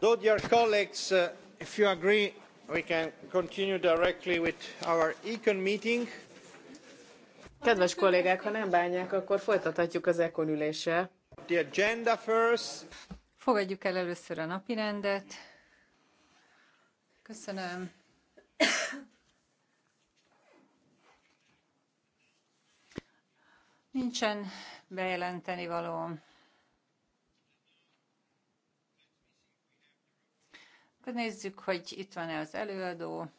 though dear colleagues uh, if you agree we can continue directly with our econ meeting. Kedves kollégák, ha nem bánják, akkor folytathatjuk az econ üléssel. The agenda first. Fogadjuk el először a napi rendet. Köszönöm. Nincsen bejelenteni valóm. Nézzük, hogy itt van-e az előadó.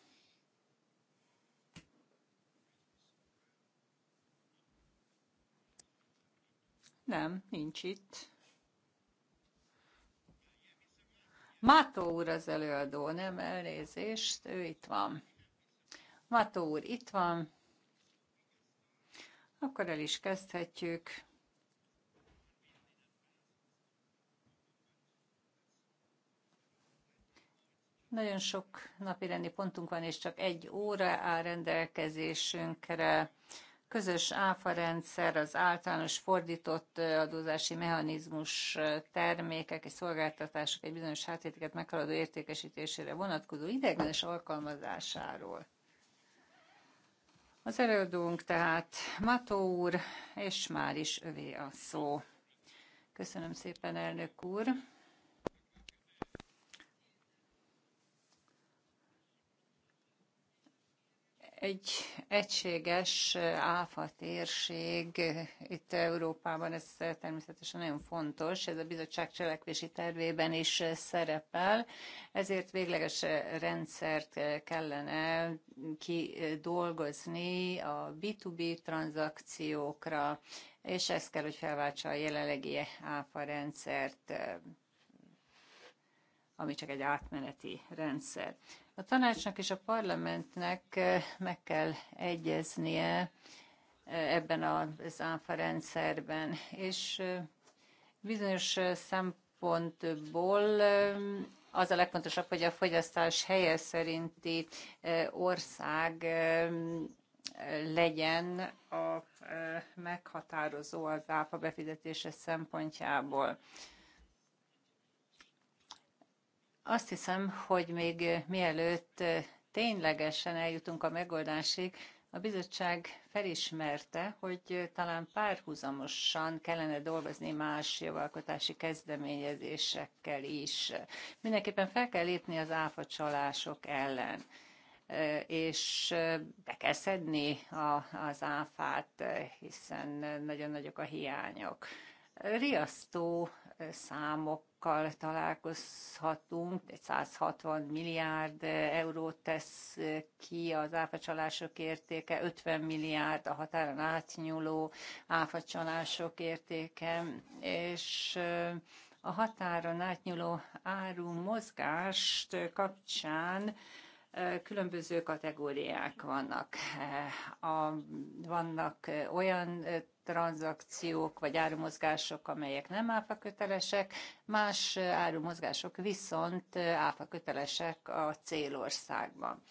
Nem, nincs itt. Mátó úr az előadó, nem elnézést, ő itt van. Mátó úr itt van. Akkor el is kezdhetjük. Nagyon sok napirendi pontunk van, és csak egy óra áll rendelkezésünkre. Közös áfa rendszer, az általános fordított adózási mechanizmus termékek és szolgáltatások egy bizonyos háttéteket meghaladó értékesítésére vonatkozó ideiglenes alkalmazásáról. Az előadónk tehát Mató úr, és már is övé a szó. Köszönöm szépen, elnök úr! egy egységes áfa térség itt Európában, ez természetesen nagyon fontos, ez a bizottság cselekvési tervében is szerepel, ezért végleges rendszert kellene kidolgozni a B2B tranzakciókra, és ez kell, hogy felváltsa a jelenlegi áfa rendszert ami csak egy átmeneti rendszer. A tanácsnak és a parlamentnek eh, meg kell egyeznie eh, ebben az áfa rendszerben, és eh, bizonyos szempontból az a legfontosabb, hogy a fogyasztás helye szerinti ország legyen a meghatározó az áfa befizetése szempontjából. Azt hiszem, hogy még eh, mielőtt eh, ténylegesen eljutunk a megoldásig, a bizottság felismerte, hogy eh, talán párhuzamosan kellene dolgozni más jogalkotási kezdeményezésekkel is. Mindenképpen fel kell lépni az áfacsalások ellen és be kell szedni a, az áfát, hiszen nagyon nagyok a hiányok. Riasztó számok adatokkal találkozhatunk, egy 160 milliárd eurót tesz ki az áfacsalások értéke, 50 milliárd a határon átnyúló áfacsalások értéke, és a határon átnyúló áru mozgást kapcsán különböző kategóriák vannak. Eh, a, vannak eh, olyan eh, tranzakciók vagy árumozgások, amelyek nem áfa kötelesek, más árumozgások viszont áfa kötelesek a célországban.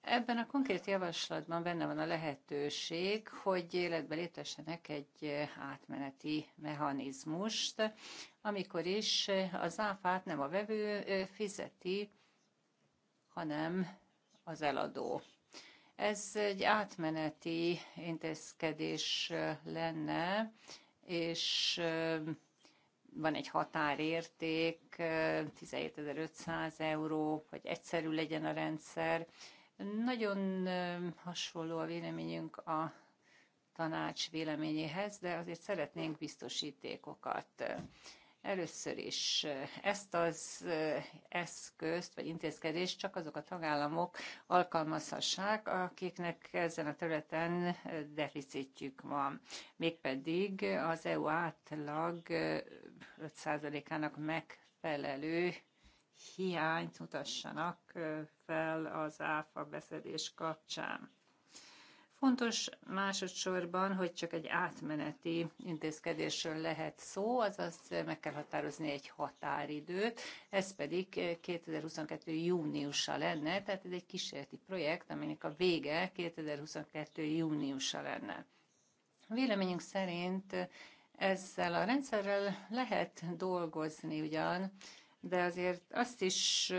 Ebben a konkrét javaslatban benne van a lehetőség, hogy életbe létesenek egy átmeneti mechanizmust, amikor is az áfát nem a vevő fizeti, hanem az eladó. Ez egy átmeneti intézkedés lenne, és van egy határérték, 17.500 euró, hogy egyszerű legyen a rendszer. Nagyon hasonló a véleményünk a tanács véleményéhez, de azért szeretnénk biztosítékokat. Először is eh, ezt az eh, eszközt vagy intézkedést csak azok a tagállamok alkalmazhassák, akiknek ezen a területen eh, deficitjük van. Mégpedig az EU átlag 5%-ának megfelelő hiányt mutassanak fel az áfa beszedés kapcsán. Fontos másodszorban, hogy csak egy átmeneti intézkedésről lehet szó, azaz meg kell határozni egy határidőt, ez pedig 2022. júniusa lenne, tehát ez egy kísérleti projekt, aminek a vége 2022. júniusa lenne. Véleményünk szerint ezzel a rendszerrel lehet dolgozni ugyan, de azért azt is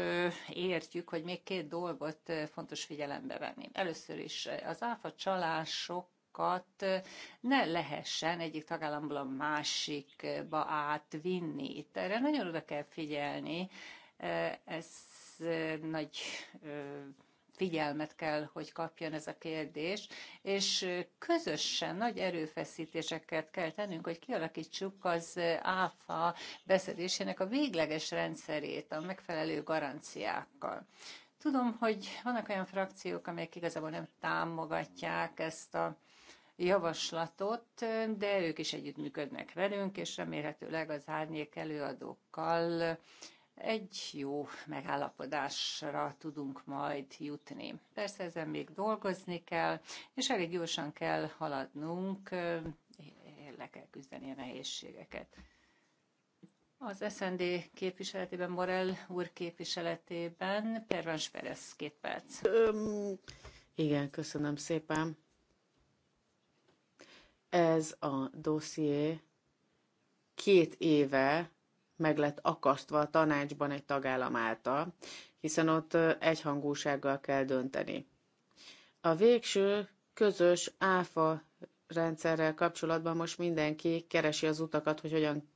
értjük, hogy még két dolgot fontos figyelembe venni. Először is az áfa csalások ne lehessen egyik tagállamból a másikba átvinni. Itt erre nagyon oda kell figyelni, ez nagy figyelmet kell, hogy kapjon ez a kérdés, és közösen nagy erőfeszítéseket kell tennünk, hogy kialakítsuk az áfa beszedésének a végleges rendszerét a megfelelő garanciákkal. Tudom, hogy vannak olyan frakciók, amelyek igazából nem támogatják ezt a javaslatot, de ők is együttműködnek velünk, és remélhetőleg az árnyék előadókkal egy jó megállapodásra tudunk majd jutni. Persze ezen még dolgozni kell, és elég gyorsan kell haladnunk, le kell küzdeni a nehézségeket. Az SND képviseletében, Morell úr képviseletében, Pervans Perez, két perc. Igen, köszönöm szépen. Ez a dosszié két éve meg lett akasztva a tanácsban egy tagállam által, hiszen ott egyhangúsággal kell dönteni. A végső közös áfa rendszerrel kapcsolatban most mindenki keresi az utakat, hogy hogyan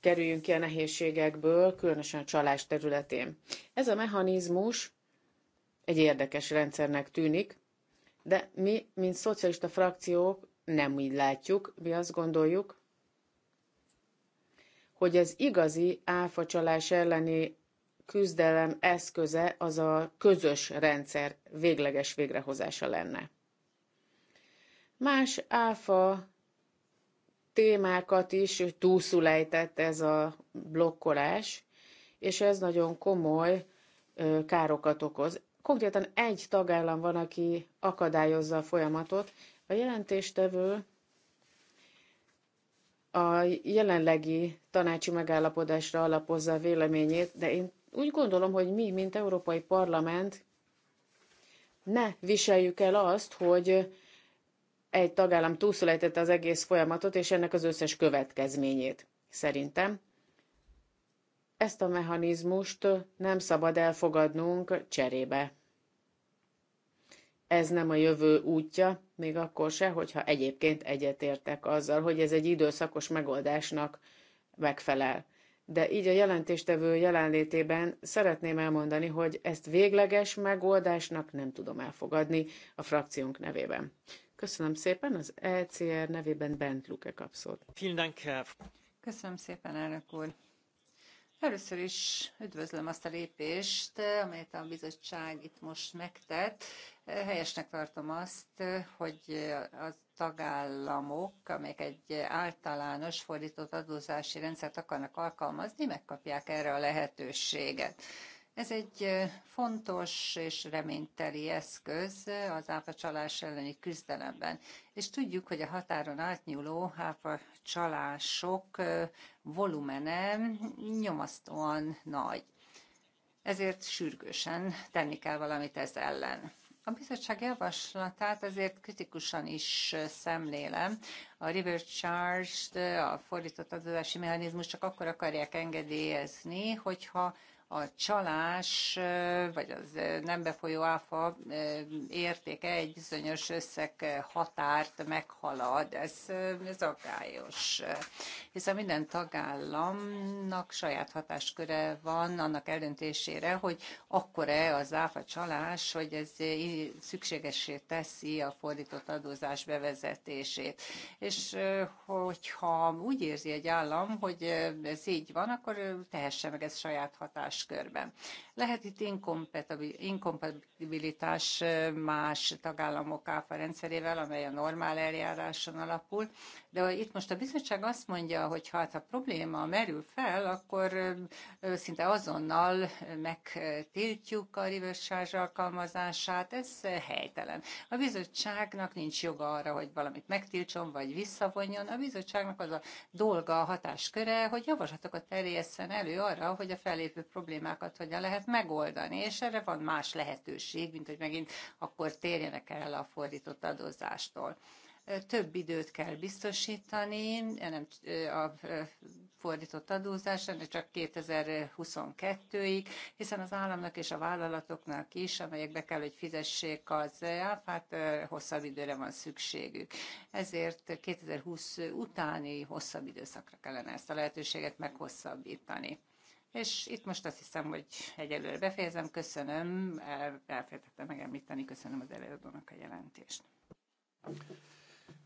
kerüljünk ki a nehézségekből, különösen a csalás területén. Ez a mechanizmus egy érdekes rendszernek tűnik, de mi, mint szocialista frakciók nem így látjuk, mi azt gondoljuk, hogy az igazi áfacsalás elleni küzdelem eszköze az a közös rendszer végleges végrehozása lenne. Más áfa témákat is túlszulejtett ez a blokkolás, és ez nagyon komoly károkat okoz. Konkrétan egy tagállam van, aki akadályozza a folyamatot. A jelentéstevő a jelenlegi tanácsi megállapodásra alapozza a véleményét, de én úgy gondolom, hogy mi, mint Európai Parlament, ne viseljük el azt, hogy egy tagállam túlszulejtette az egész folyamatot, és ennek az összes következményét, szerintem. Ezt a mechanizmust nem szabad elfogadnunk cserébe ez nem a jövő útja, még akkor se, hogyha egyébként egyetértek azzal, hogy ez egy időszakos megoldásnak megfelel. De így a jelentéstevő jelenlétében szeretném elmondani, hogy ezt végleges megoldásnak nem tudom elfogadni a frakciónk nevében. Köszönöm szépen, az ECR nevében Bent Luke kapszót. Köszönöm szépen, elnök úr. Először is üdvözlöm azt a lépést, amelyet a bizottság itt most megtett. Helyesnek tartom azt, hogy a tagállamok, amelyek egy általános fordított adózási rendszert akarnak alkalmazni, megkapják erre a lehetőséget. Ez egy fontos és reményteli eszköz az csalás elleni küzdelemben, és tudjuk, hogy a határon átnyúló csalások volumene nyomasztóan nagy. Ezért sürgősen tenni kell valamit ez ellen. A bizottság javaslatát azért kritikusan is szemlélem. A river charge, a fordított adózási mechanizmus csak akkor akarják engedélyezni, hogyha a csalás, vagy az nem befolyó áfa értéke egy bizonyos összeg határt meghalad. Ez, ez aggályos. Hiszen minden tagállamnak saját hatásköre van annak eldöntésére, hogy akkor-e az áfa csalás, hogy ez szükségessé teszi a fordított adózás bevezetését. És hogyha úgy érzi egy állam, hogy ez így van, akkor tehesse meg ez saját hatás hatáskörben. Lehet itt inkompatibilitás más tagállamok áfa rendszerével, amely a normál eljáráson alapul, de itt most a bizottság azt mondja, hogy hát a probléma merül fel, akkor szinte azonnal megtiltjuk a reverse alkalmazását, ez helytelen. A bizottságnak nincs joga arra, hogy valamit megtiltson, vagy visszavonjon. A bizottságnak az a dolga, a hatásköre, hogy javaslatokat terjesszen elő arra, hogy a fellépő problémát problémákat hogyan lehet megoldani, és erre van más lehetőség, mint hogy megint akkor térjenek el a fordított adózástól több időt kell biztosítani, nem a fordított adózásra, de csak 2022-ig, hiszen az államnak és a vállalatoknak is, amelyek be kell, hogy fizessék az áfát, hosszabb időre van szükségük. Ezért 2020 utáni hosszabb időszakra kellene ezt a lehetőséget meghosszabbítani. És itt most azt hiszem, hogy egyelőre befejezem. Köszönöm, elfelejtettem megemlíteni, köszönöm az előadónak a jelentést.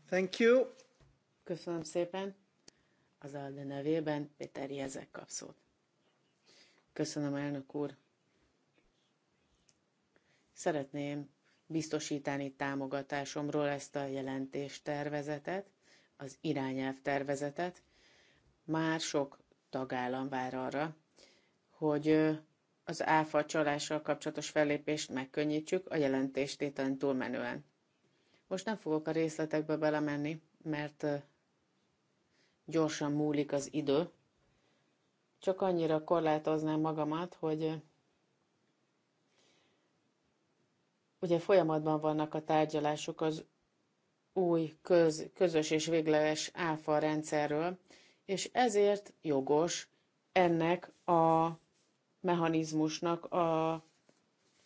Thank you. Köszönöm szépen. Az Alde nevében Péter Jezek kap szót. Köszönöm, elnök úr. Szeretném biztosítani támogatásomról ezt a jelentéstervezetet, az irányelv tervezetet. Már sok tagállam vár arra, hogy az áfa csalással kapcsolatos fellépést megkönnyítsük a jelentéstételen túlmenően. Most nem fogok a részletekbe belemenni, mert gyorsan múlik az idő. Csak annyira korlátoznám magamat, hogy ugye folyamatban vannak a tárgyalások az új köz, közös és végleges áfa rendszerről, és ezért jogos ennek a mechanizmusnak a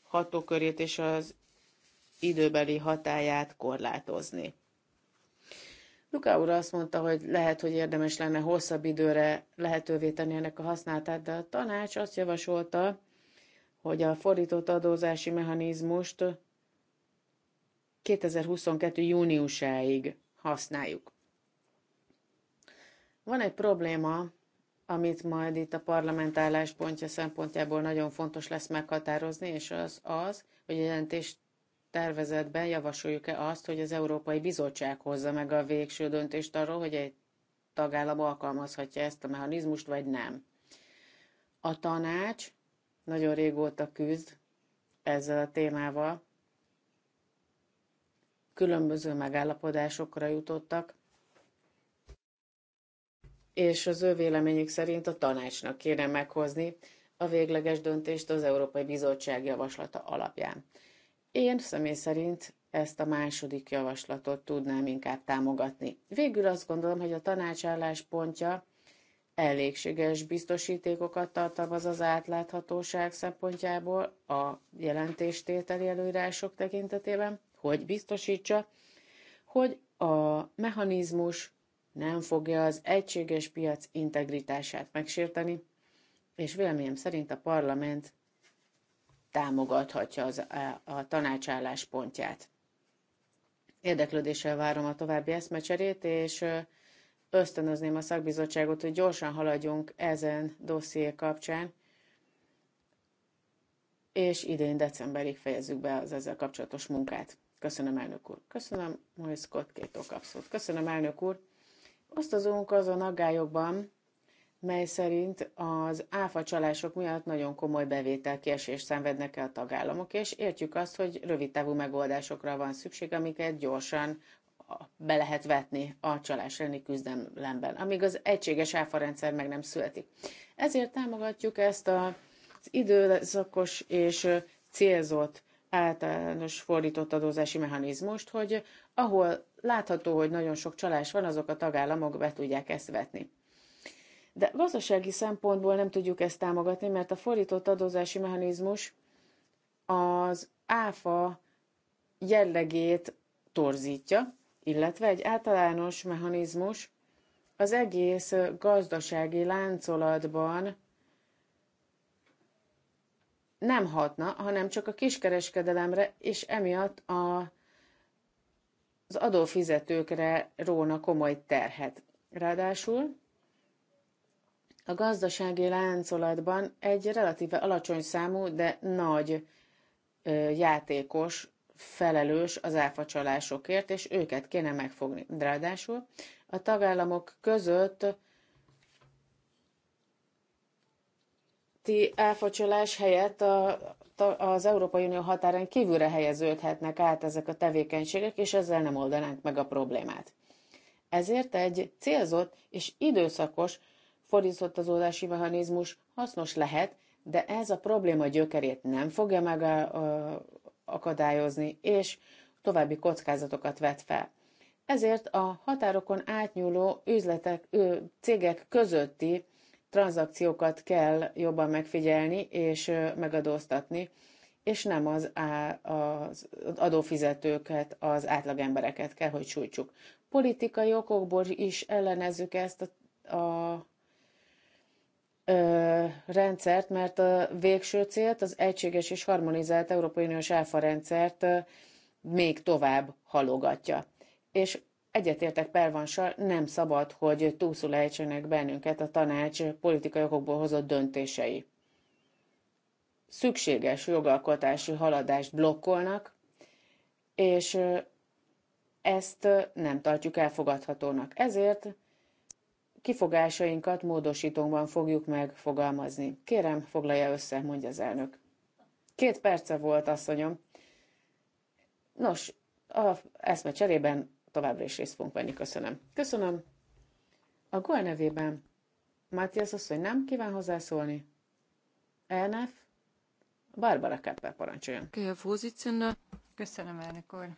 hatókörét és az időbeli hatáját korlátozni. Luka úr azt mondta, hogy lehet, hogy érdemes lenne hosszabb időre lehetővé tenni ennek a használatát, de a tanács azt javasolta, hogy a fordított adózási mechanizmust 2022. júniusáig használjuk. Van egy probléma amit majd itt a parlament álláspontja szempontjából nagyon fontos lesz meghatározni, és az az, hogy a jelentés tervezetben javasoljuk-e azt, hogy az Európai Bizottság hozza meg a végső döntést arról, hogy egy tagállam alkalmazhatja ezt a mechanizmust, vagy nem. A tanács nagyon régóta küzd ezzel a témával, különböző megállapodásokra jutottak, és az ő véleményük szerint a tanácsnak kéne meghozni a végleges döntést az Európai Bizottság javaslata alapján. Én személy szerint ezt a második javaslatot tudnám inkább támogatni. Végül azt gondolom, hogy a tanács álláspontja elégséges biztosítékokat tartalmaz az átláthatóság szempontjából a jelentéstételi előírások tekintetében, hogy biztosítsa, hogy a mechanizmus nem fogja az egységes piac integritását megsérteni, és véleményem szerint a parlament támogathatja az, a, e, a tanács álláspontját. Érdeklődéssel várom a további eszmecserét, és ösztönözném a szakbizottságot, hogy gyorsan haladjunk ezen dosszié kapcsán, és idén decemberig fejezzük be az ezzel kapcsolatos munkát. Köszönöm, elnök úr. Köszönöm, Moritz két okapszót. Köszönöm, elnök úr. Osztozunk azon aggályokban, mely szerint az áfa csalások miatt nagyon komoly kiesés szenvednek el a tagállamok, és értjük azt, hogy rövidtávú megoldásokra van szükség, amiket gyorsan be lehet vetni a csalás elleni küzdelemben, amíg az egységes rendszer meg nem születik. Ezért támogatjuk ezt az időszakos és célzott általános fordított adózási mechanizmust, hogy ahol látható, hogy nagyon sok csalás van, azok a tagállamok be tudják ezt vetni. De gazdasági szempontból nem tudjuk ezt támogatni, mert a fordított adózási mechanizmus az áfa jellegét torzítja, illetve egy általános mechanizmus az egész gazdasági láncolatban nem hatna, hanem csak a kiskereskedelemre, és emiatt a, az adófizetőkre róna komoly terhet. Ráadásul a gazdasági láncolatban egy relatíve alacsony számú, de nagy ö, játékos felelős az áfacsalásokért, és őket kéne megfogni. Ráadásul a tagállamok között közötti áfacsolás helyett a, az Európai Unió határán kívülre helyeződhetnek át ezek a tevékenységek, és ezzel nem oldanánk meg a problémát. Ezért egy célzott és időszakos oldási mechanizmus hasznos lehet, de ez a probléma gyökerét nem fogja megakadályozni, és további kockázatokat vet fel. Ezért a határokon átnyúló üzletek, cégek közötti tranzakciókat kell jobban megfigyelni és megadóztatni, és nem az, á, az adófizetőket, az átlagembereket kell, hogy sújtsuk. Politikai okokból is ellenezzük ezt a, a ö, rendszert, mert a végső célt, az egységes és harmonizált Európai Uniós áfa rendszert ö, még tovább halogatja. És Egyetértek Pervansal, nem szabad, hogy túlszul ejtsenek bennünket a tanács politikai okokból hozott döntései. Szükséges jogalkotási haladást blokkolnak, és ezt nem tartjuk elfogadhatónak. Ezért kifogásainkat módosítóban fogjuk megfogalmazni. Kérem, foglalja össze, mondja az elnök. Két perce volt, asszonyom. Nos, a eszme cserében továbbra is részt fogunk venni. Köszönöm. Köszönöm. A GOL nevében azt, hogy nem kíván hozzászólni. ENF Barbara Kepper parancsoljon. Köszönöm, elnök úr.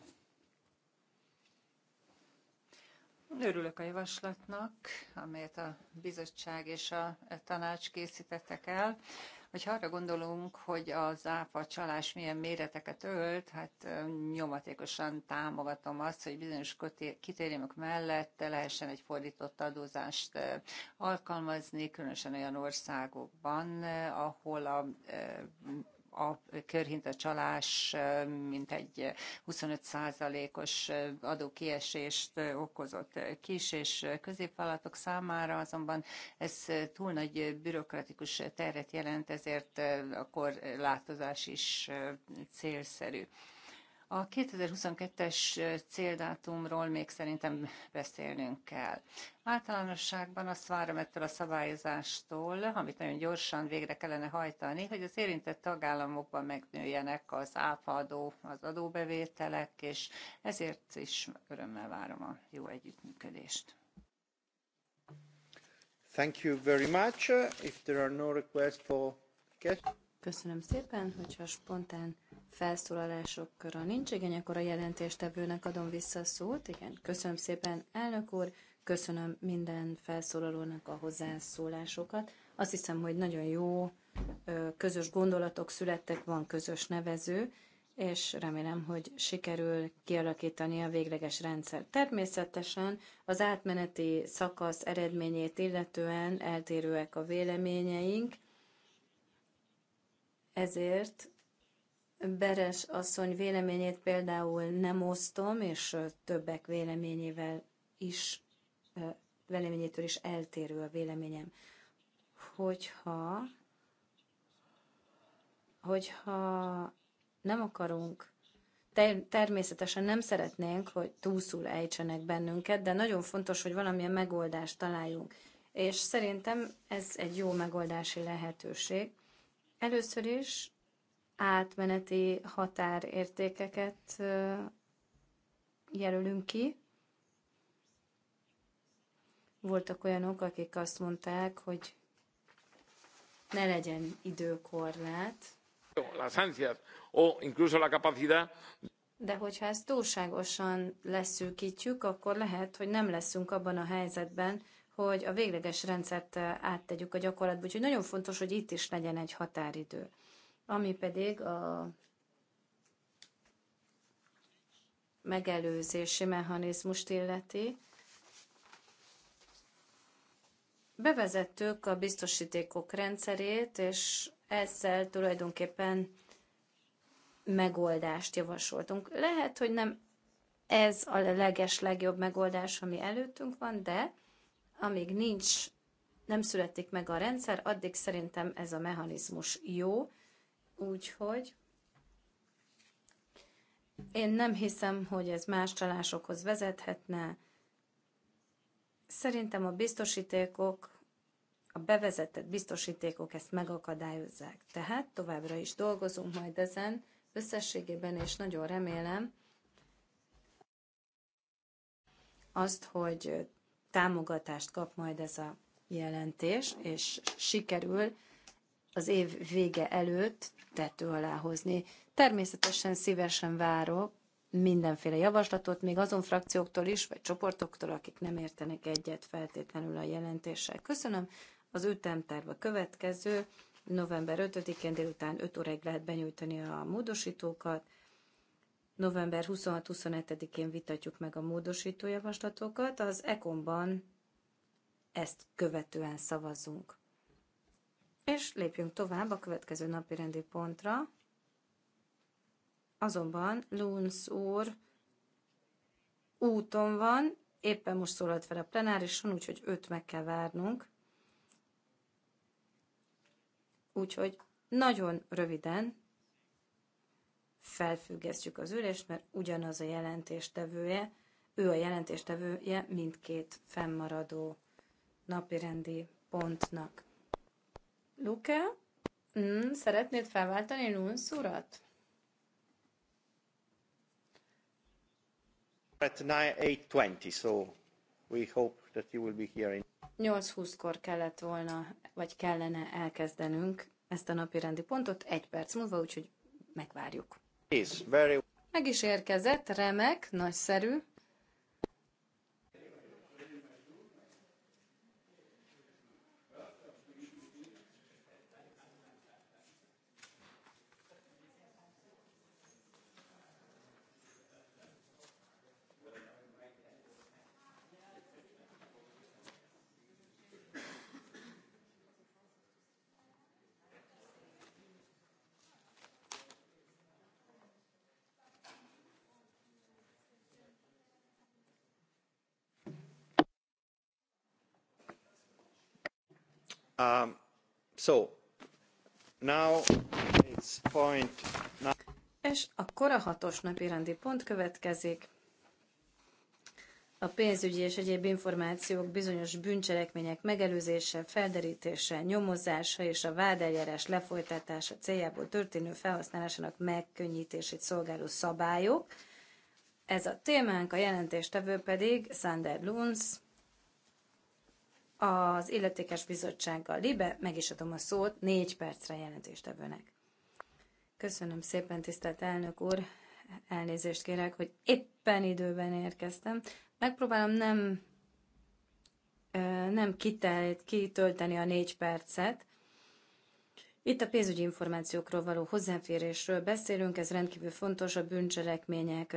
Örülök a javaslatnak, amelyet a bizottság és a tanács készítettek el. Hogyha arra gondolunk, hogy az áfa csalás milyen méreteket ölt, hát nyomatékosan támogatom azt, hogy bizonyos kitérjémök mellett lehessen egy fordított adózást alkalmazni, különösen olyan országokban, ahol a a körhinta csalás, mint egy 25%-os adókiesést okozott kis és középvállalatok számára, azonban ez túl nagy bürokratikus terhet jelent, ezért a korlátozás is célszerű. A 2022-es céldátumról még szerintem beszélnünk kell. Általánosságban azt várom ettől a szabályozástól, amit nagyon gyorsan végre kellene hajtani, hogy az érintett tagállamokban megnőjenek az áfadó, az adóbevételek, és ezért is örömmel várom a jó együttműködést. Thank you very much. If there are no requests for Köszönöm szépen, hogyha spontán felszólalásokra nincs igény, akkor a jelentéstevőnek adom vissza a szót. Igen, köszönöm szépen, elnök úr, köszönöm minden felszólalónak a hozzászólásokat. Azt hiszem, hogy nagyon jó közös gondolatok születtek, van közös nevező, és remélem, hogy sikerül kialakítani a végleges rendszer. Természetesen az átmeneti szakasz eredményét illetően eltérőek a véleményeink, ezért Beres asszony véleményét például nem osztom, és többek véleményével is, véleményétől is eltérő a véleményem. Hogyha, hogyha nem akarunk, természetesen nem szeretnénk, hogy túlszul ejtsenek bennünket, de nagyon fontos, hogy valamilyen megoldást találjunk. És szerintem ez egy jó megoldási lehetőség. Először is átmeneti határértékeket jelölünk ki. Voltak olyanok, akik azt mondták, hogy ne legyen időkorlát. de hogyha ezt túlságosan leszűkítjük, akkor lehet, hogy nem leszünk abban a helyzetben, hogy a végleges rendszert áttegyük a gyakorlatba. Úgyhogy nagyon fontos, hogy itt is legyen egy határidő ami pedig a megelőzési mechanizmust illeti. Bevezettük a biztosítékok rendszerét, és ezzel tulajdonképpen megoldást javasoltunk. Lehet, hogy nem ez a leges legjobb megoldás, ami előttünk van, de amíg nincs, nem születik meg a rendszer, addig szerintem ez a mechanizmus jó, Úgyhogy én nem hiszem, hogy ez más csalásokhoz vezethetne. Szerintem a biztosítékok, a bevezetett biztosítékok ezt megakadályozzák. Tehát továbbra is dolgozunk majd ezen összességében, és nagyon remélem azt, hogy támogatást kap majd ez a jelentés, és sikerül az év vége előtt tető alá hozni. Természetesen szívesen várok mindenféle javaslatot, még azon frakcióktól is, vagy csoportoktól, akik nem értenek egyet feltétlenül a jelentéssel. Köszönöm. Az ütemterv a következő. November 5-én délután 5 óráig lehet benyújtani a módosítókat. November 26-27-én vitatjuk meg a módosító javaslatokat. Az ekonban ezt követően szavazunk. És lépjünk tovább a következő napi rendi pontra. Azonban Lunz úr úton van, éppen most szólalt fel a plenárison, úgyhogy őt meg kell várnunk. Úgyhogy nagyon röviden felfüggesztjük az ülést, mert ugyanaz a jelentéstevője, ő a jelentéstevője mindkét fennmaradó napirendi pontnak. Luke, mm, szeretnéd felváltani Nunsz urat? At 8.20, so we hope that you will be here in... 8.20-kor kellett volna, vagy kellene elkezdenünk ezt a napi rendi pontot, egy perc múlva, úgyhogy megvárjuk. Is very... Meg is érkezett, remek, nagyszerű. Um, és akkor a hatos napi rendi pont következik. A pénzügyi és egyéb információk bizonyos bűncselekmények megelőzése, felderítése, nyomozása és a vádeljárás lefolytatása céljából történő felhasználásának megkönnyítését szolgáló szabályok. Ez a témánk, a jelentéstevő pedig Sander Lunds az illetékes bizottsággal. Libe, meg is adom a szót, négy percre jelentéstevőnek. Köszönöm szépen, tisztelt elnök úr, elnézést kérek, hogy éppen időben érkeztem. Megpróbálom nem, nem kitelt, kitölteni a négy percet. Itt a pénzügyi információkról való hozzáférésről beszélünk, ez rendkívül fontos a bűncselekmények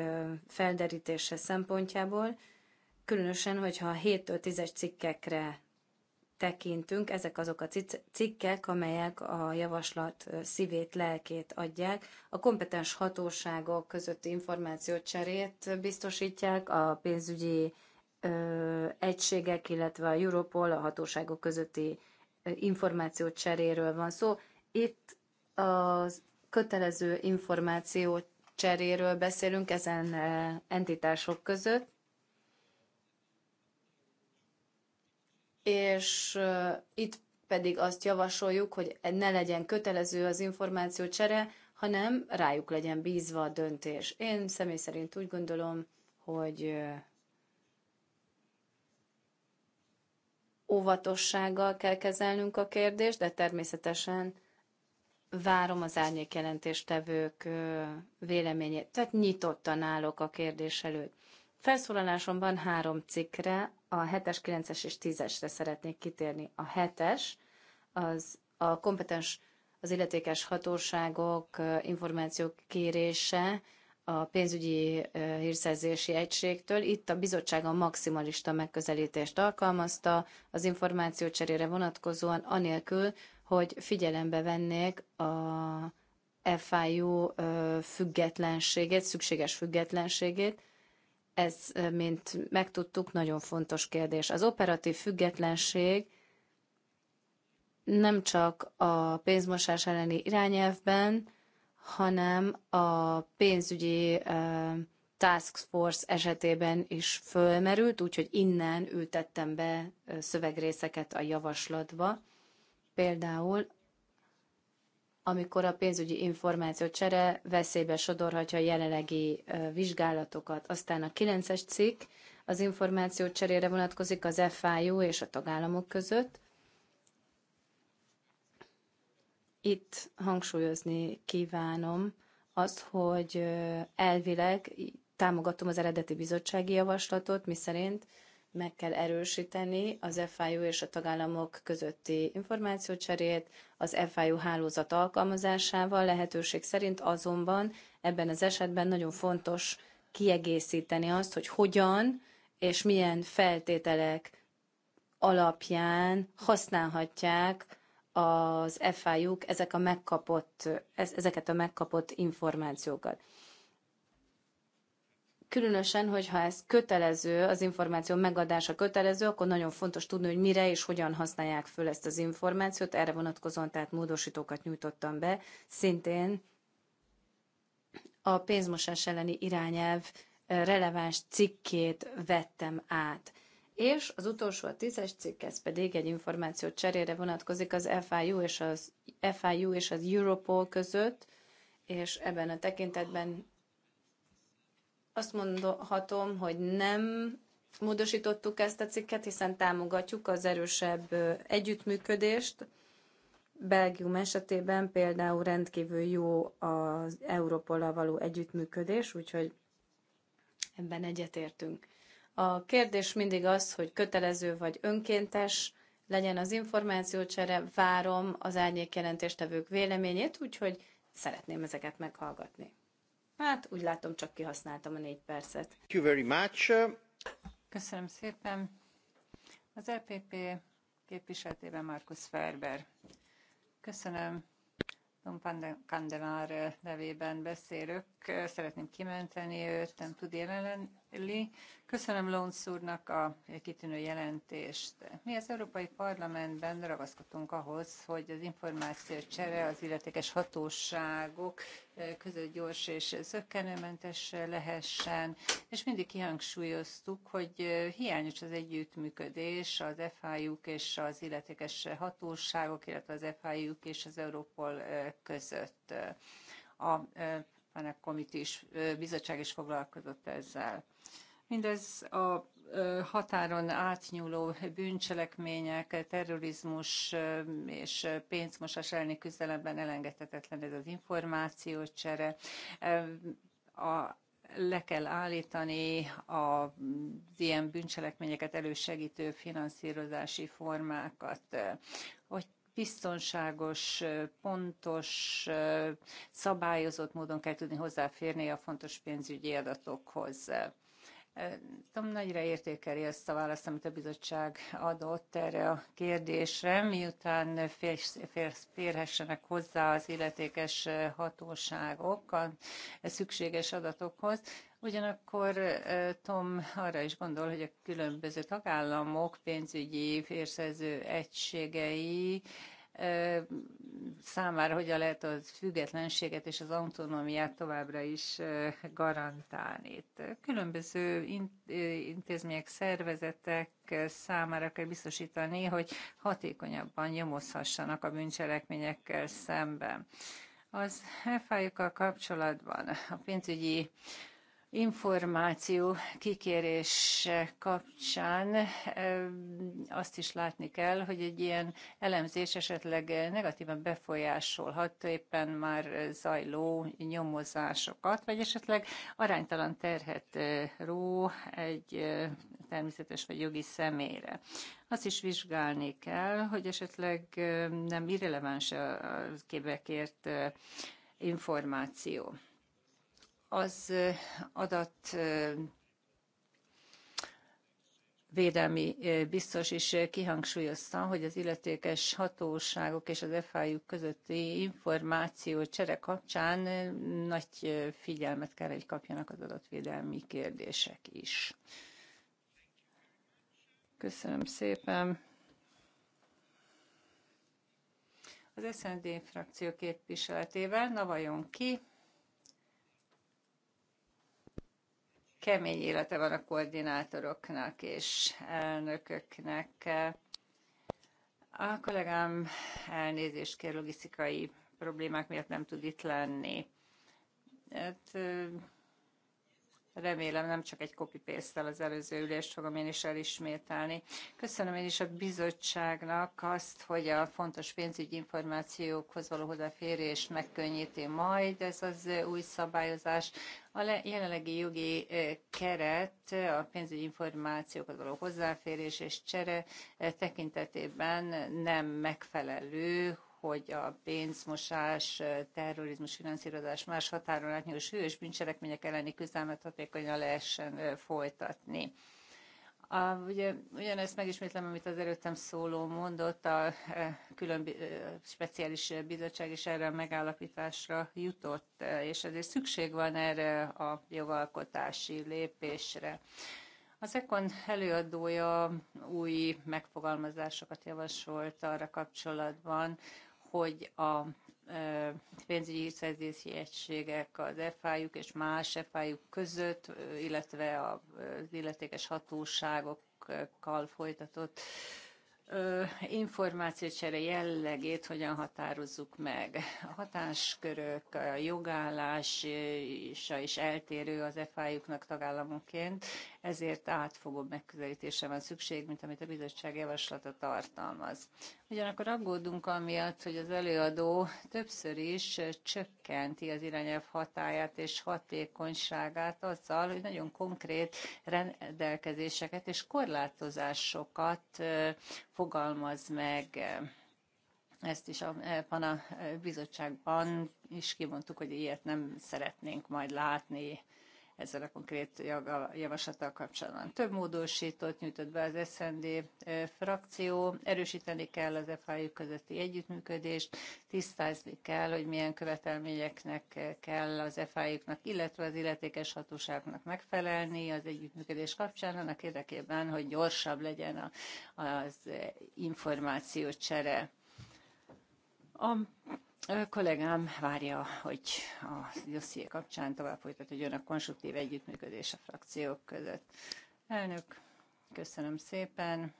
felderítése szempontjából, különösen, hogyha 7 10 cikkekre tekintünk, ezek azok a cikkek, amelyek a javaslat szívét, lelkét adják. A kompetens hatóságok közötti információcserét biztosítják, a pénzügyi ö, egységek, illetve a Europol, a hatóságok közötti információcseréről van szó. Itt a kötelező információ cseréről beszélünk ezen entitások között, és itt pedig azt javasoljuk, hogy ne legyen kötelező az információ csere, hanem rájuk legyen bízva a döntés. Én személy szerint úgy gondolom, hogy óvatossággal kell kezelnünk a kérdést, de természetesen várom az árnyékjelentéstevők véleményét. Tehát nyitottan állok a kérdés előtt. Felszólalásomban három cikkre a 7-es, 9-es és 10-esre szeretnék kitérni. A 7-es az a kompetens, az illetékes hatóságok információk kérése a pénzügyi hírszerzési egységtől. Itt a bizottság a maximalista megközelítést alkalmazta az információ cserére vonatkozóan, anélkül, hogy figyelembe vennék a FIU függetlenségét, szükséges függetlenségét, ez, mint megtudtuk, nagyon fontos kérdés. Az operatív függetlenség nem csak a pénzmosás elleni irányelvben, hanem a pénzügyi task force esetében is fölmerült, úgyhogy innen ültettem be szövegrészeket a javaslatba. Például amikor a pénzügyi információ csere veszélybe sodorhatja a jelenlegi vizsgálatokat. Aztán a 9-es cikk az információ cserére vonatkozik az FIU és a tagállamok között. Itt hangsúlyozni kívánom azt, hogy elvileg támogatom az eredeti bizottsági javaslatot, miszerint szerint meg kell erősíteni az FIU és a tagállamok közötti információcserét, az FIU hálózat alkalmazásával lehetőség szerint azonban ebben az esetben nagyon fontos kiegészíteni azt, hogy hogyan és milyen feltételek alapján használhatják az FIU-k ezek a megkapott, ezeket a megkapott információkat. Különösen, hogyha ez kötelező, az információ megadása kötelező, akkor nagyon fontos tudni, hogy mire és hogyan használják föl ezt az információt. Erre vonatkozóan tehát módosítókat nyújtottam be. Szintén a pénzmosás elleni irányelv releváns cikkét vettem át. És az utolsó, a tízes cikk, ez pedig egy információ cserére vonatkozik az FIU és az, FIU és az Europol között, és ebben a tekintetben azt mondhatom, hogy nem módosítottuk ezt a cikket, hiszen támogatjuk az erősebb együttműködést. Belgium esetében például rendkívül jó az Európola való együttműködés, úgyhogy ebben egyetértünk. A kérdés mindig az, hogy kötelező vagy önkéntes legyen az információcsere, várom az árnyék jelentéstevők véleményét, úgyhogy szeretném ezeket meghallgatni. Hát úgy látom, csak kihasználtam a négy percet. Thank you very much. Köszönöm szépen. Az LPP e képviseletében Markus Ferber. Köszönöm. Tom Kandelár nevében beszélök. Szeretném kimenteni őt, nem tud jelen Li. Köszönöm Lonsz úrnak a kitűnő jelentést. Mi az Európai Parlamentben ragaszkodtunk ahhoz, hogy az információ csere az illetékes hatóságok eh, között gyors és zöggenőmentes lehessen, és mindig kihangsúlyoztuk, hogy eh, hiányos az együttműködés az fiu és az illetékes hatóságok, illetve az fiu és az Európol eh, között. A Panek komités bizottság is foglalkozott ezzel. Mindez a határon átnyúló bűncselekmények, terrorizmus és pénzmosás elleni küzdelemben elengedhetetlen ez az információcsere. A le kell állítani az ilyen bűncselekményeket elősegítő finanszírozási formákat, hogy biztonságos, pontos, szabályozott módon kell tudni hozzáférni a fontos pénzügyi adatokhoz. Tom nagyra értékeli ezt a választ, amit a bizottság adott erre a kérdésre, miután férhessenek hozzá az illetékes hatóságok a szükséges adatokhoz. Ugyanakkor Tom arra is gondol, hogy a különböző tagállamok pénzügyi férszerző egységei számára hogyan lehet a függetlenséget és az autonómiát továbbra is garantálni. Különböző intézmények, szervezetek számára kell biztosítani, hogy hatékonyabban nyomozhassanak a bűncselekményekkel szemben. Az FI-kkal kapcsolatban a pénzügyi információ kikérés kapcsán azt is látni kell, hogy egy ilyen elemzés esetleg negatívan befolyásolhat éppen már zajló nyomozásokat, vagy esetleg aránytalan terhet ró egy természetes vagy jogi személyre. Azt is vizsgálni kell, hogy esetleg nem irreleváns a képekért információ az adatvédelmi biztos is kihangsúlyozta, hogy az illetékes hatóságok és az FIU közötti információ csere kapcsán nagy figyelmet kell, hogy kapjanak az adatvédelmi kérdések is. Köszönöm szépen. Az SZND frakció na Navajon ki. kemény élete van a koordinátoroknak és elnököknek. A kollégám elnézést kér logisztikai problémák miatt nem tud itt lenni. Hát, Remélem nem csak egy copy paste az előző ülést fogom én is elismételni. Köszönöm én is a bizottságnak azt, hogy a fontos pénzügyi információkhoz való hozzáférést megkönnyíti majd ez az új szabályozás. A jelenlegi jogi keret a pénzügyi információkhoz való hozzáférés és csere tekintetében nem megfelelő, hogy a pénzmosás, terrorizmus, finanszírozás más határon átnyúló súlyos bűncselekmények elleni küzdelmet hatékonyan lehessen folytatni. A, ugye, ugyanezt megismétlem, amit az előttem szóló mondott, a külön speciális bizottság is erre a megállapításra jutott, és ezért szükség van erre a jogalkotási lépésre. Az ECON előadója új megfogalmazásokat javasolt arra kapcsolatban, hogy a pénzügyi szerzési egységek, az FI-juk és más FI-juk között, illetve az illetékes hatóságokkal folytatott információcsere jellegét hogyan határozzuk meg. A hatáskörök, a jogállása is eltérő az FI-juknak tagállamoként, ezért átfogóbb megközelítése van szükség, mint amit a bizottság javaslata tartalmaz. Ugyanakkor aggódunk amiatt, hogy az előadó többször is csökkenti az irányelv hatáját és hatékonyságát azzal, hogy nagyon konkrét rendelkezéseket és korlátozásokat fogalmaz meg ezt is a PANA bizottságban is kimondtuk, hogy ilyet nem szeretnénk majd látni ezzel a konkrét javaslattal kapcsolatban. Több módosítót nyújtott be az SND frakció, erősíteni kell az FIU közötti együttműködést, tisztázni kell, hogy milyen követelményeknek kell az fiu illetve az illetékes hatóságnak megfelelni az együttműködés kapcsán, annak érdekében, hogy gyorsabb legyen az információcsere. A kollégám várja, hogy a dosszié kapcsán tovább folytatódjon a konstruktív együttműködés a frakciók között. Elnök, köszönöm szépen.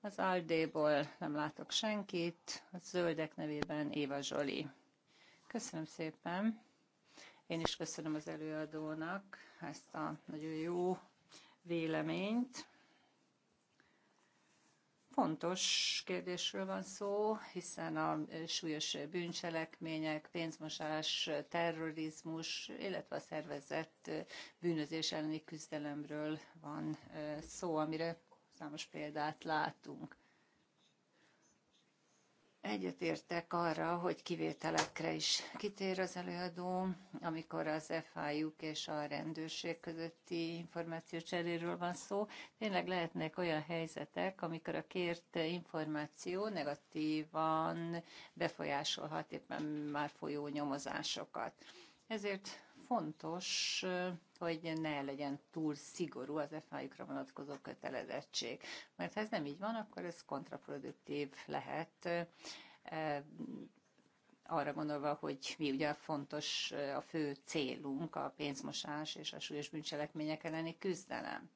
Az Aldéból nem látok senkit, a zöldek nevében Éva Zsoli. Köszönöm szépen. Én is köszönöm az előadónak ezt a nagyon jó véleményt. Fontos kérdésről van szó, hiszen a súlyos bűncselekmények, pénzmosás, terrorizmus, illetve a szervezett bűnözés elleni küzdelemről van szó, amire számos példát látunk. Egyetértek arra, hogy kivételekre is kitér az előadó, amikor az fiu és a rendőrség közötti információcseréről van szó. Tényleg lehetnek olyan helyzetek, amikor a kért információ negatívan befolyásolhat éppen már folyó nyomozásokat. Ezért fontos, hogy ne legyen túl szigorú az FA-jukra vonatkozó kötelezettség. Mert ha ez nem így van, akkor ez kontraproduktív lehet arra gondolva, hogy mi ugye fontos a fő célunk, a pénzmosás és a súlyos bűncselekmények elleni küzdelem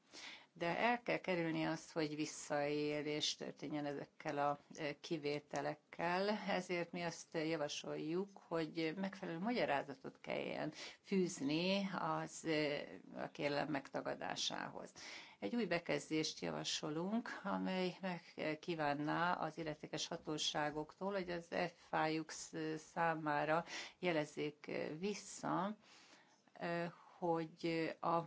de el kell kerülni azt, hogy visszaélés történjen ezekkel a e, kivételekkel, ezért mi azt javasoljuk, hogy megfelelő magyarázatot kelljen fűzni az, e, a kérlem megtagadásához. Egy új bekezdést javasolunk, amely megkívánná az illetékes hatóságoktól, hogy az fi számára jelezzék vissza, e, hogy a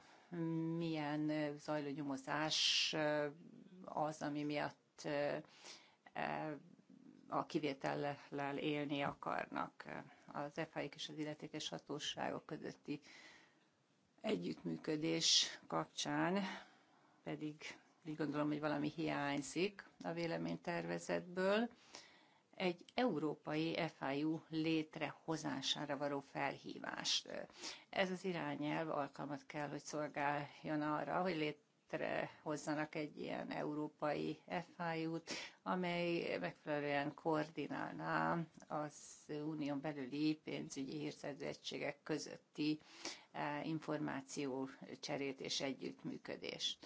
milyen zajló nyomozás az, ami miatt a kivétellel élni akarnak. Az FI-k és az illetékes hatóságok közötti együttműködés kapcsán pedig úgy gondolom, hogy valami hiányzik a véleménytervezetből egy európai FIU létrehozására való felhívást. Ez az irányelv alkalmat kell, hogy szolgáljon arra, hogy létrehozzanak egy ilyen európai FIU-t, amely megfelelően koordinálná az unión belüli pénzügyi hírszerzettségek közötti eh, információ cserét és együttműködést.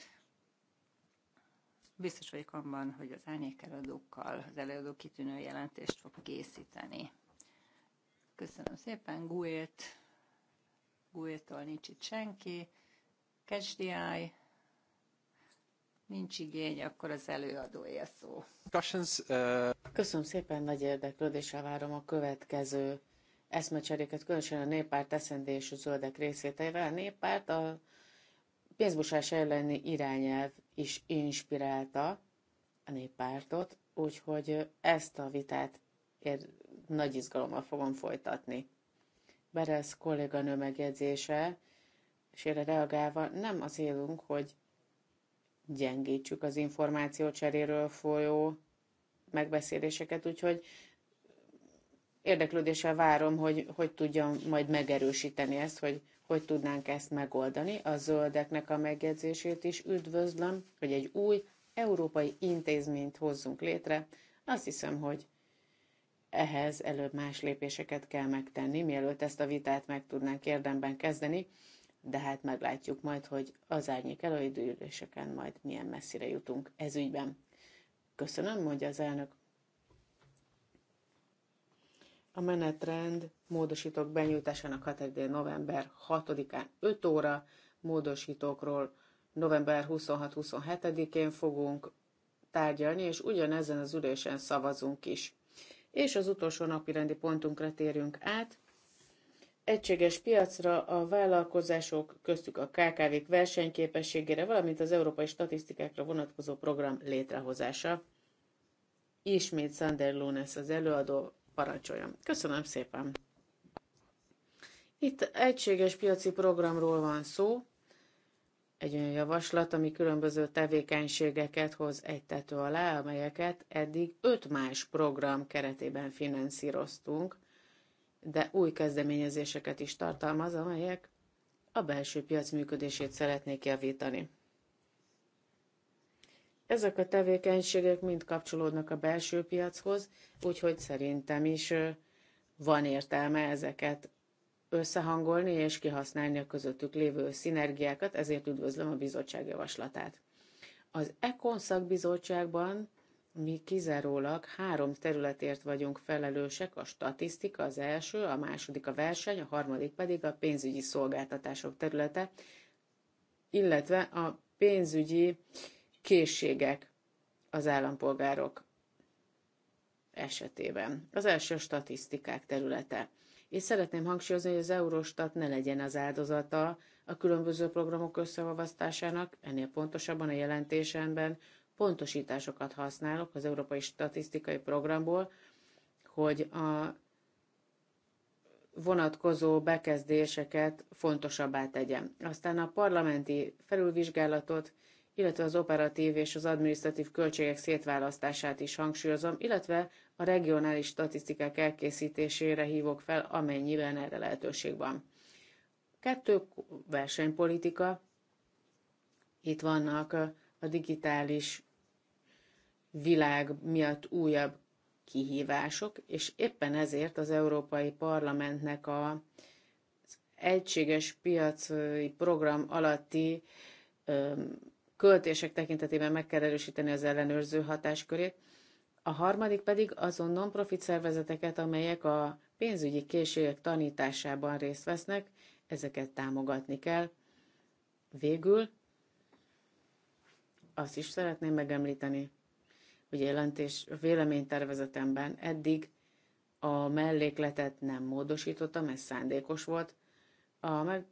Biztos vagyok abban, hogy az árnyékelőadókkal az előadó kitűnő jelentést fog készíteni. Köszönöm szépen, Guét, Guétól nincs itt senki, Kesdiáj, nincs igény, akkor az előadója szó. Uh, Köszönöm szépen, nagy érdeklődéssel várom a következő eszmecseréket, különösen a néppárt eszendé és a zöldek részvételével. A néppárt a pénzbusás elleni irányelv is inspirálta a néppártot, úgyhogy ezt a vitát ér, nagy izgalommal fogom folytatni. Berez kolléganő megjegyzése, és erre reagálva nem az élünk, hogy gyengítsük az információ cseréről folyó megbeszéléseket, úgyhogy Érdeklődéssel várom, hogy hogy tudjam majd megerősíteni ezt, hogy hogy tudnánk ezt megoldani. A zöldeknek a megjegyzését is üdvözlöm, hogy egy új európai intézményt hozzunk létre. Azt hiszem, hogy ehhez előbb más lépéseket kell megtenni, mielőtt ezt a vitát meg tudnánk érdemben kezdeni, de hát meglátjuk majd, hogy az árnyék előidőüléseken majd milyen messzire jutunk ez ügyben. Köszönöm, mondja az elnök a menetrend módosítók benyújtásának határideje november 6-án 5 óra, módosítókról november 26-27-én fogunk tárgyalni, és ugyanezen az ülésen szavazunk is. És az utolsó napi rendi pontunkra térünk át. Egységes piacra a vállalkozások, köztük a KKV-k versenyképességére, valamint az európai statisztikákra vonatkozó program létrehozása. Ismét Sander Lónesz az előadó, parancsoljon. Köszönöm szépen! Itt egységes piaci programról van szó, egy olyan javaslat, ami különböző tevékenységeket hoz egy tető alá, amelyeket eddig öt más program keretében finanszíroztunk, de új kezdeményezéseket is tartalmaz, amelyek a belső piac működését szeretnék javítani. Ezek a tevékenységek mind kapcsolódnak a belső piachoz, úgyhogy szerintem is van értelme ezeket összehangolni és kihasználni a közöttük lévő szinergiákat, ezért üdvözlöm a bizottság javaslatát. Az ECON szakbizottságban mi kizárólag három területért vagyunk felelősek, a statisztika az első, a második a verseny, a harmadik pedig a pénzügyi szolgáltatások területe, illetve a pénzügyi készségek az állampolgárok esetében. Az első a statisztikák területe. És szeretném hangsúlyozni, hogy az Eurostat ne legyen az áldozata a különböző programok összeolvasztásának, ennél pontosabban a jelentésemben pontosításokat használok az Európai Statisztikai Programból, hogy a vonatkozó bekezdéseket fontosabbá tegyem. Aztán a parlamenti felülvizsgálatot illetve az operatív és az adminisztratív költségek szétválasztását is hangsúlyozom, illetve a regionális statisztikák elkészítésére hívok fel, amennyiben erre lehetőség van. Kettő versenypolitika. Itt vannak a digitális világ miatt újabb kihívások, és éppen ezért az Európai Parlamentnek a egységes piaci program alatti költések tekintetében meg kell erősíteni az ellenőrző hatáskörét, a harmadik pedig azon non-profit szervezeteket, amelyek a pénzügyi készségek tanításában részt vesznek, ezeket támogatni kell. Végül azt is szeretném megemlíteni, hogy jelentés véleménytervezetemben eddig a mellékletet nem módosítottam, ez szándékos volt. A meg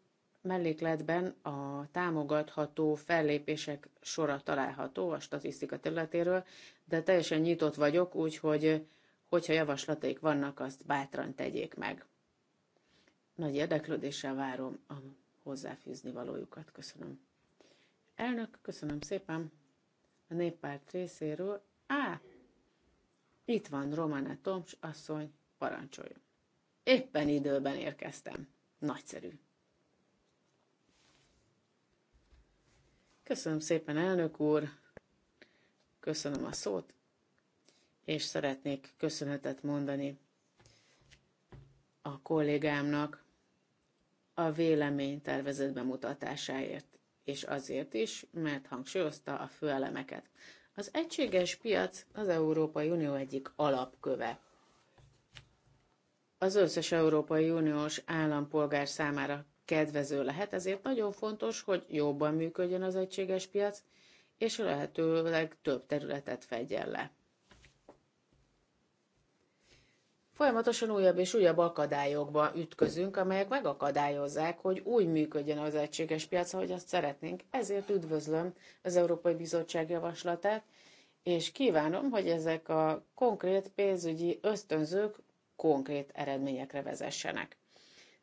mellékletben a támogatható fellépések sora található a statisztika területéről, de teljesen nyitott vagyok, úgyhogy hogyha javaslataik vannak, azt bátran tegyék meg. Nagy érdeklődéssel várom a hozzáfűzni valójukat. Köszönöm. Elnök, köszönöm szépen. A néppárt részéről. Á, itt van Romana Tomcs asszony, parancsoljon. Éppen időben érkeztem. Nagyszerű. Köszönöm szépen, elnök úr, köszönöm a szót, és szeretnék köszönetet mondani a kollégámnak a véleménytervezet bemutatásáért, és azért is, mert hangsúlyozta a főelemeket. Az egységes piac az Európai Unió egyik alapköve. Az összes Európai Uniós állampolgár számára kedvező lehet, ezért nagyon fontos, hogy jobban működjön az egységes piac, és lehetőleg több területet fedjen le. Folyamatosan újabb és újabb akadályokba ütközünk, amelyek megakadályozzák, hogy úgy működjön az egységes piac, ahogy azt szeretnénk. Ezért üdvözlöm az Európai Bizottság javaslatát, és kívánom, hogy ezek a konkrét pénzügyi ösztönzők konkrét eredményekre vezessenek.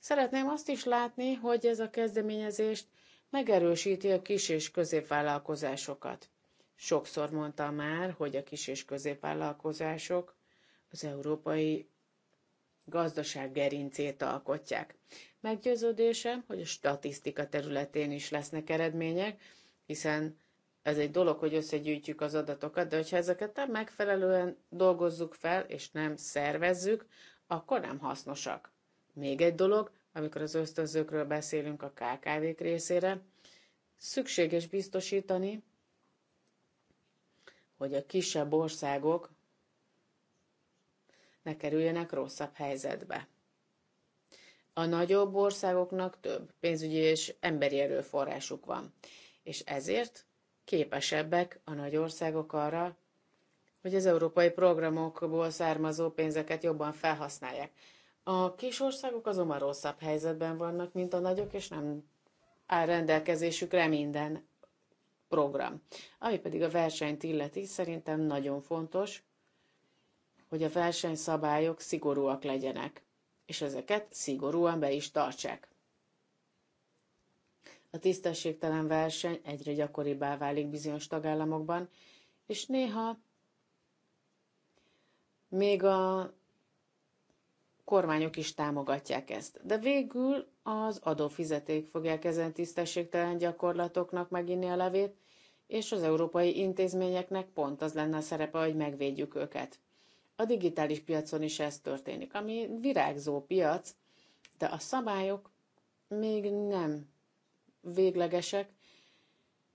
Szeretném azt is látni, hogy ez a kezdeményezést megerősíti a kis- és középvállalkozásokat. Sokszor mondta már, hogy a kis- és középvállalkozások az európai gazdaság gerincét alkotják. Meggyőződésem, hogy a statisztika területén is lesznek eredmények, hiszen ez egy dolog, hogy összegyűjtjük az adatokat, de hogyha ezeket nem megfelelően dolgozzuk fel, és nem szervezzük, akkor nem hasznosak. Még egy dolog, amikor az ösztönzőkről beszélünk a KKV-k részére, szükséges biztosítani, hogy a kisebb országok ne kerüljenek rosszabb helyzetbe. A nagyobb országoknak több pénzügyi és emberi erőforrásuk van, és ezért képesebbek a nagy országok arra, hogy az európai programokból származó pénzeket jobban felhasználják. A kis országok azonban rosszabb helyzetben vannak, mint a nagyok, és nem áll rendelkezésükre minden program. Ami pedig a versenyt illeti, szerintem nagyon fontos, hogy a versenyszabályok szigorúak legyenek, és ezeket szigorúan be is tartsák. A tisztességtelen verseny egyre gyakoribbá válik bizonyos tagállamokban, és néha még a kormányok is támogatják ezt. De végül az adófizeték fogják ezen tisztességtelen gyakorlatoknak meginni a levét, és az európai intézményeknek pont az lenne a szerepe, hogy megvédjük őket. A digitális piacon is ez történik, ami virágzó piac, de a szabályok még nem véglegesek,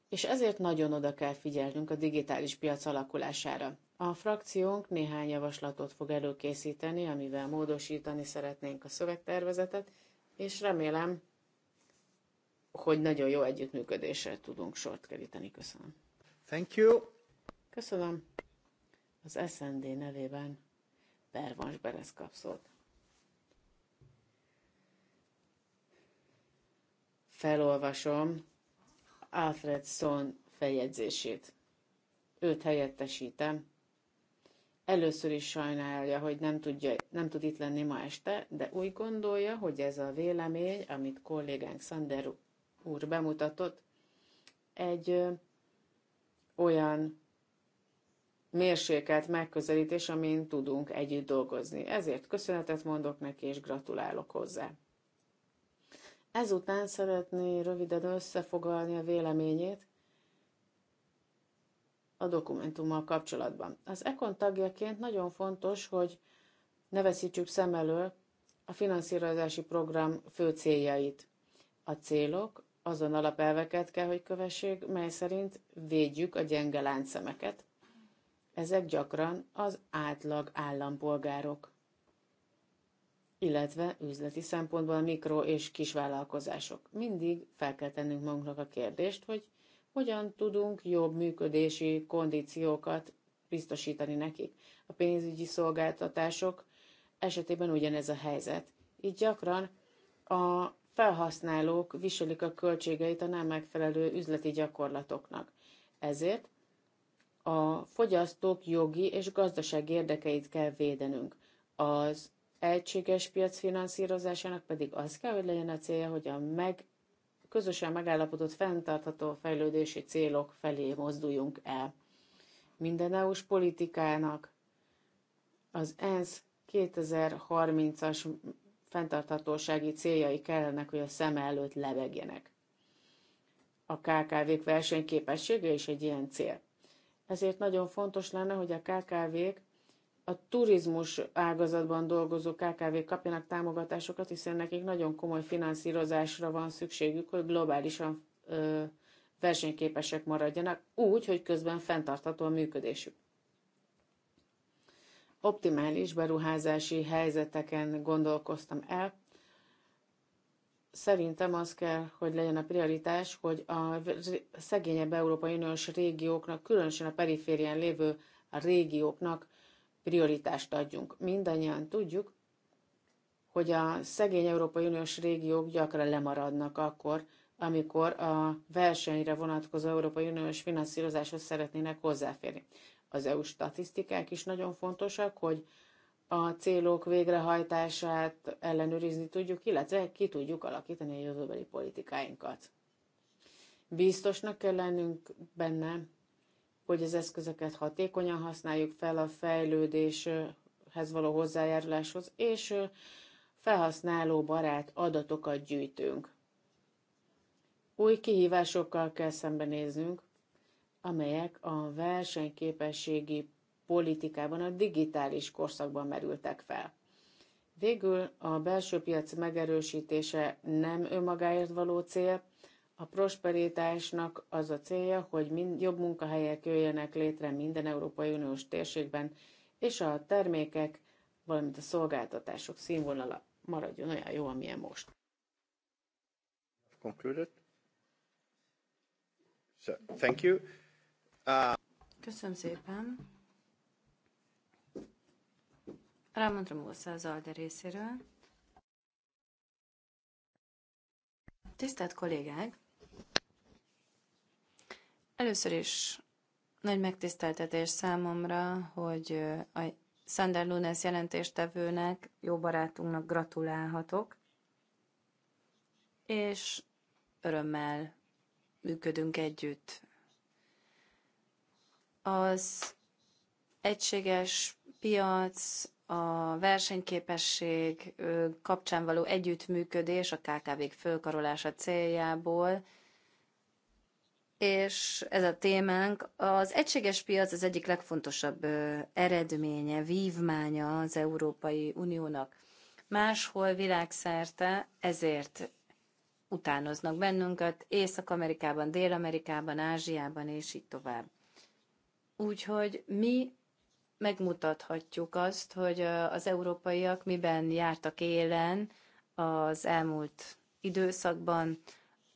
és ezért nagyon oda kell figyelnünk a digitális piac alakulására. A frakciónk néhány javaslatot fog előkészíteni, amivel módosítani szeretnénk a szövegtervezetet, és remélem, hogy nagyon jó együttműködésre tudunk sort keríteni. Köszönöm. Thank you. Köszönöm. Az SND nevében Pervans Berez kapszott. Felolvasom Alfredson feljegyzését. Őt helyettesítem, Először is sajnálja, hogy nem, tudja, nem tud itt lenni ma este, de úgy gondolja, hogy ez a vélemény, amit kollégánk Sander úr bemutatott, egy ö, olyan mérsékelt megközelítés, amin tudunk együtt dolgozni. Ezért köszönetet mondok neki, és gratulálok hozzá. Ezután szeretné röviden összefoglalni a véleményét, a dokumentummal kapcsolatban. Az ECON tagjaként nagyon fontos, hogy ne veszítsük szem elől a finanszírozási program fő céljait. A célok azon alapelveket kell, hogy kövessék, mely szerint védjük a gyenge láncszemeket. Ezek gyakran az átlag állampolgárok, illetve üzleti szempontból a mikro- és kisvállalkozások. Mindig fel kell tennünk magunknak a kérdést, hogy hogyan tudunk jobb működési kondíciókat biztosítani nekik. A pénzügyi szolgáltatások esetében ugyanez a helyzet. Így gyakran a felhasználók viselik a költségeit a nem megfelelő üzleti gyakorlatoknak. Ezért a fogyasztók jogi és gazdasági érdekeit kell védenünk. Az egységes piac finanszírozásának pedig az kell, hogy legyen a célja, hogy a meg közösen megállapodott fenntartható fejlődési célok felé mozduljunk el. Minden EU-s politikának az ENSZ 2030-as fenntarthatósági céljai kellene, hogy a szem előtt lebegjenek. A KKV-k versenyképessége is egy ilyen cél. Ezért nagyon fontos lenne, hogy a KKV-k a turizmus ágazatban dolgozó KKV kapjanak támogatásokat, hiszen nekik nagyon komoly finanszírozásra van szükségük, hogy globálisan ö, versenyképesek maradjanak, úgy, hogy közben fenntartható a működésük. Optimális beruházási helyzeteken gondolkoztam el. Szerintem az kell, hogy legyen a prioritás, hogy a szegényebb Európai Uniós régióknak, különösen a periférián lévő régióknak prioritást adjunk. Mindannyian tudjuk, hogy a szegény Európai Uniós régiók gyakran lemaradnak akkor, amikor a versenyre vonatkozó Európai Uniós finanszírozáshoz szeretnének hozzáférni. Az EU statisztikák is nagyon fontosak, hogy a célok végrehajtását ellenőrizni tudjuk, illetve ki tudjuk alakítani a jövőbeli politikáinkat. Biztosnak kell lennünk benne, hogy az eszközöket hatékonyan használjuk fel a fejlődéshez való hozzájáruláshoz, és felhasználó barát adatokat gyűjtünk. Új kihívásokkal kell szembenéznünk, amelyek a versenyképességi politikában a digitális korszakban merültek fel. Végül a belső piac megerősítése nem önmagáért való cél, a prosperitásnak az a célja, hogy mind jobb munkahelyek jöjjenek létre minden Európai Uniós térségben, és a termékek, valamint a szolgáltatások színvonala maradjon olyan jó, amilyen most. Concluded? So, thank you. Uh... Köszönöm szépen. Rámondra Mósza az Alde részéről. Tisztelt kollégák! Először is nagy megtiszteltetés számomra, hogy a Sander Lunes jelentéstevőnek, jó barátunknak gratulálhatok, és örömmel működünk együtt. Az egységes piac, a versenyképesség kapcsán való együttműködés a KKV-k fölkarolása céljából és ez a témánk. Az egységes piac az egyik legfontosabb eredménye, vívmánya az Európai Uniónak. Máshol világszerte ezért utánoznak bennünket, Észak-Amerikában, Dél-Amerikában, Ázsiában, és így tovább. Úgyhogy mi megmutathatjuk azt, hogy az európaiak miben jártak élen az elmúlt időszakban,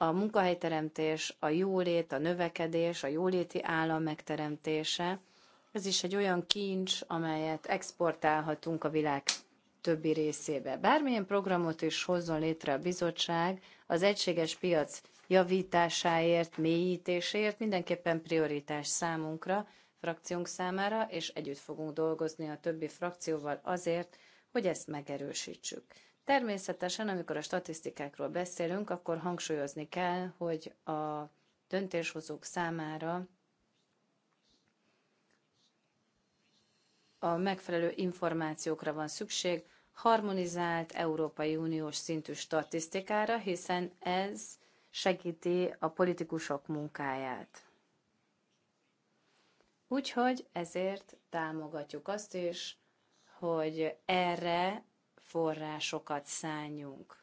a munkahelyteremtés, a jólét, a növekedés, a jóléti állam megteremtése, ez is egy olyan kincs, amelyet exportálhatunk a világ többi részébe. Bármilyen programot is hozzon létre a bizottság, az egységes piac javításáért, mélyítésért mindenképpen prioritás számunkra, frakciónk számára, és együtt fogunk dolgozni a többi frakcióval azért, hogy ezt megerősítsük. Természetesen, amikor a statisztikákról beszélünk, akkor hangsúlyozni kell, hogy a döntéshozók számára a megfelelő információkra van szükség, harmonizált Európai Uniós szintű statisztikára, hiszen ez segíti a politikusok munkáját. Úgyhogy ezért támogatjuk azt is, hogy erre forrásokat szálljunk.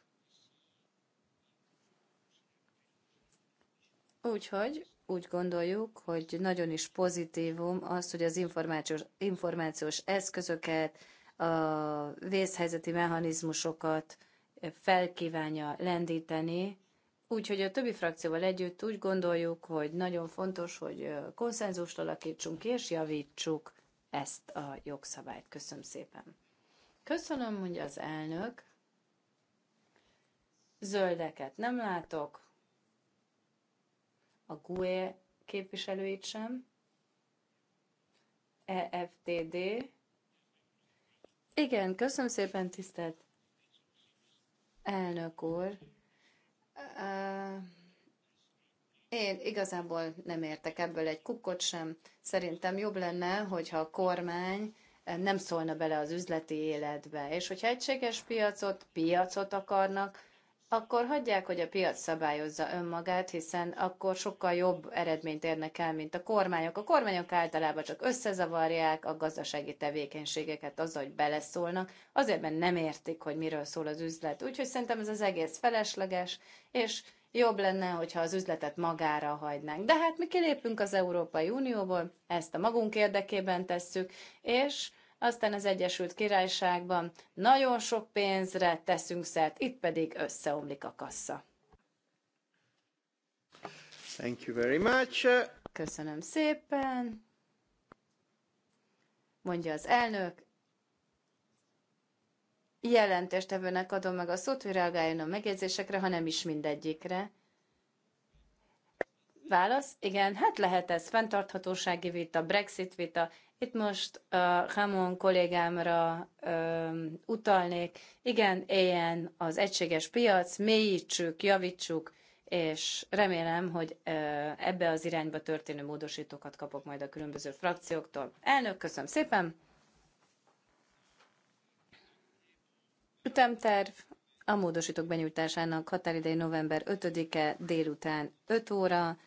Úgyhogy úgy gondoljuk, hogy nagyon is pozitívum az, hogy az információs, információs eszközöket, a vészhelyzeti mechanizmusokat felkívánja lendíteni, Úgyhogy a többi frakcióval együtt úgy gondoljuk, hogy nagyon fontos, hogy konszenzust alakítsunk és javítsuk ezt a jogszabályt. Köszönöm szépen! Köszönöm, mondja az elnök. Zöldeket nem látok. A GUE képviselőit sem. EFTD. Igen, köszönöm szépen, tisztelt elnök úr. Uh, én igazából nem értek ebből egy kukkot sem. Szerintem jobb lenne, hogyha a kormány nem szólna bele az üzleti életbe. És hogyha egységes piacot, piacot akarnak, akkor hagyják, hogy a piac szabályozza önmagát, hiszen akkor sokkal jobb eredményt érnek el, mint a kormányok. A kormányok általában csak összezavarják a gazdasági tevékenységeket az, hogy beleszólnak, azért, mert nem értik, hogy miről szól az üzlet. Úgyhogy szerintem ez az egész felesleges, és jobb lenne, hogyha az üzletet magára hagynánk. De hát mi kilépünk az Európai Unióból, ezt a magunk érdekében tesszük, és aztán az Egyesült Királyságban nagyon sok pénzre teszünk szert, itt pedig összeomlik a kassa. Thank you very much. Köszönöm szépen, mondja az elnök, jelentéstevőnek adom meg a szót, hogy reagáljon a megjegyzésekre, ha nem is mindegyikre. Válasz? Igen, hát lehet ez fenntarthatósági vita, Brexit vita. Itt most uh, Hamon kollégámra um, utalnék. Igen, éljen az egységes piac, mélyítsük, javítsuk, és remélem, hogy uh, ebbe az irányba történő módosítókat kapok majd a különböző frakcióktól. Elnök, köszönöm szépen! Ütemterv a módosítók benyújtásának határidei november 5-e délután 5 óra,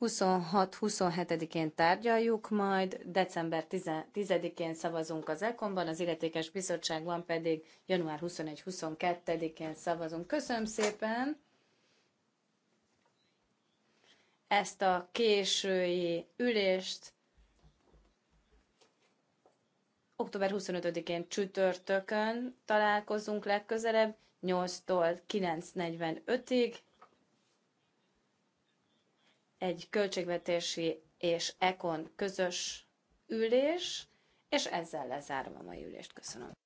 26-27-én tárgyaljuk majd, december 10-én szavazunk az ECOM-ban, az illetékes bizottságban pedig január 21-22-én szavazunk. Köszönöm szépen ezt a késői ülést Október 25-én csütörtökön találkozunk legközelebb, 8-tól 9.45-ig. Egy költségvetési és ekon közös ülés, és ezzel lezárom a mai ülést. Köszönöm.